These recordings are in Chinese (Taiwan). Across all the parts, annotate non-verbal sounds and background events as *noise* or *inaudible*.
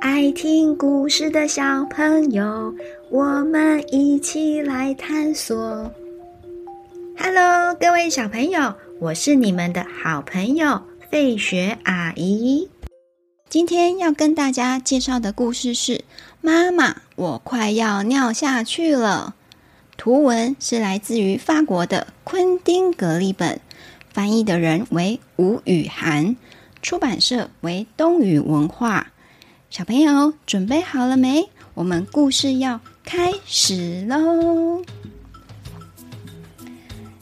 愛聽故事的小朋友，我們一起來探索。Hello，各位小朋友，我是你們的好朋友費雪阿姨。今天要跟大家介紹的故事是：媽媽，我快要尿下去了。圖文是來自於法國的昆丁·格利本，翻譯的人為吳雨涵，出版社為東雨文化。小朋友準備好了沒？我們故事要開始嘍！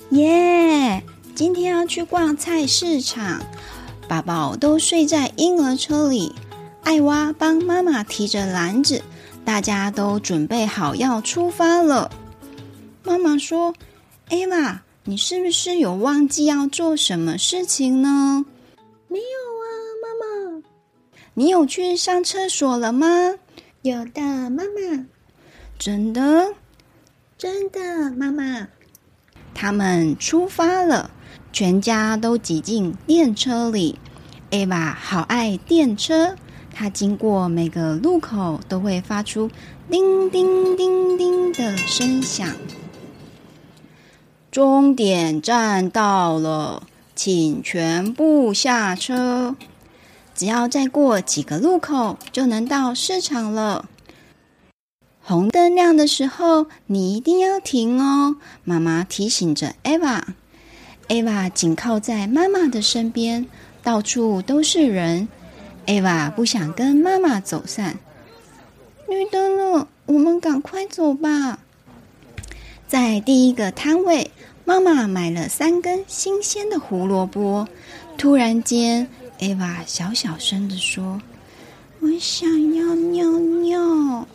耶，yeah，今天要去逛菜市場，寶寶都睡在嬰兒車裡，艾娃幫媽媽提着籃子，大家都準備好要出發了。媽媽說：“艾娃，你是不是有忘記要做什麼事情呢？”沒有。你有去上廁所了嗎？有的，媽媽。真的？真的，媽媽。他們出發了，全家都擠進電車裡。艾娃好愛電車，她經過每個路口都會發出叮叮叮叮叮的聲響。終點站到了，請全部下車。只要再過幾個路口就能到市場了。紅燈亮的時候，你一定要停哦，媽媽提醒着艾娃。艾娃緊靠在媽媽的身邊，到處都是人，艾娃不想跟媽媽走散。綠燈了，我們趕快走吧。在第一個攤位，媽媽買了三根新鮮的胡蘿蔔。突然間。艾娃小小聲的說：“我想要尿尿。”“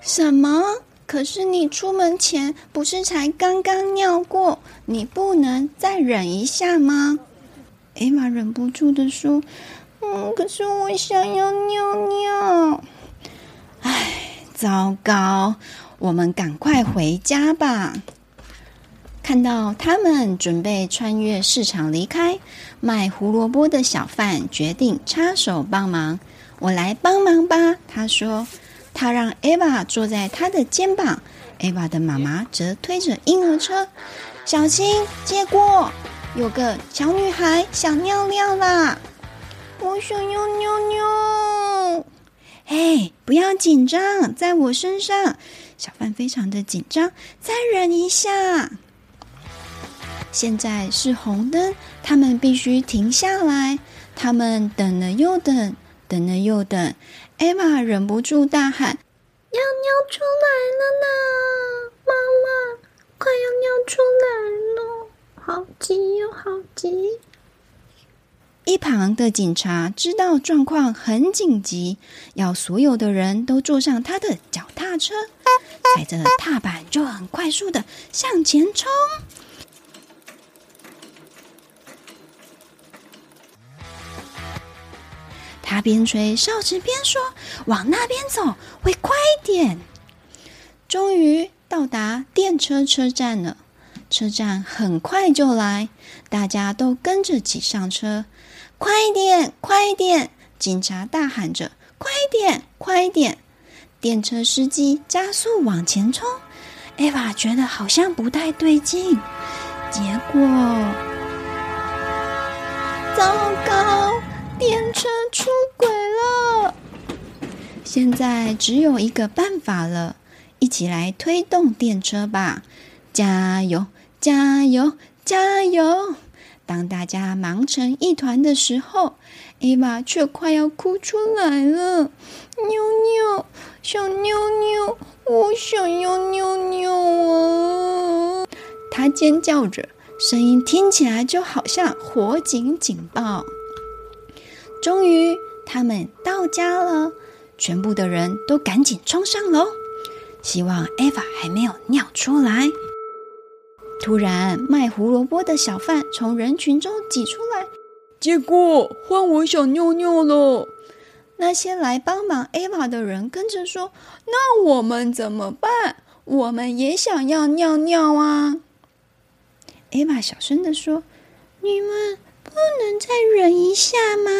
什麼？可是你出門前不是才剛剛尿過，你不能再忍一下嗎？”艾娃忍不住的說：“嗯，可是我想要尿尿。”“哎，糟糕！我們趕快回家吧。”看到他們準備穿越市場離開，賣胡蘿蔔的小販決定插手幫忙。我來幫忙吧，他說。他讓艾娃坐在他的肩膀，艾娃的媽媽則推着嬰兒車。小心，借過。有個小女孩想尿尿啦！我想尿尿尿。哎，不要緊張，在我身上。小販非常的緊張，再忍一下。現在是紅燈，他們必須停下來。他們等了又等，等了又等。艾娃忍不住大喊：“要尿尿出來了呢，媽媽，快要尿出來了，好急又好急！”一旁的警察知道狀況很緊急，要所有的人都坐上他的腳踏車，踩着踏板就很快速的向前衝。邊吹哨子邊說：“往那邊走會快一點。”終於到達電車車站了，車站很快就來，大家都跟着擠上車。快一點，快一點！警察大喊着：“快一點，快一點！”電車司機加速往前衝。艾娃覺得好像不太對勁，結果糟糕，電車。出軌了！現在只有一個辦法了，一起來推動電車吧！加油，加油，加油！當大家忙成一團的時候，艾娃卻快要哭出來了。尿尿，小尿尿，我想要尿尿啊！她尖叫着，聲音聽起來就好像火警警報。終於，他們到家了。全部的人都趕緊衝上樓，希望艾 a 還沒有尿出來。突然，賣胡蘿蔔的小販從人群中擠出來，結果換我想尿尿了。那些來幫忙艾 a 的人跟着說：“那我們怎麼辦？我們也想要尿尿啊！”艾瑪小聲地說：“你們。”不能再忍一下嗎？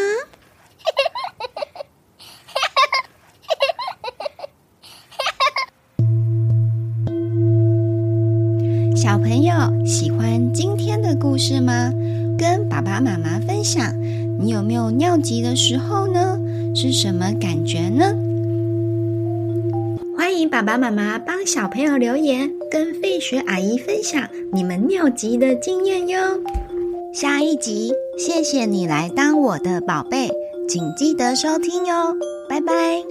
*laughs* 小朋友，喜歡今天的故事嗎？跟爸爸媽媽分享，你有沒有尿急的時候呢？是什麼感覺呢？歡迎爸爸媽媽幫小朋友留言，跟費雪阿姨分享你們尿急的經驗喲。下一集，謝謝你來當我的寶貝，請記得收聽喲，拜拜。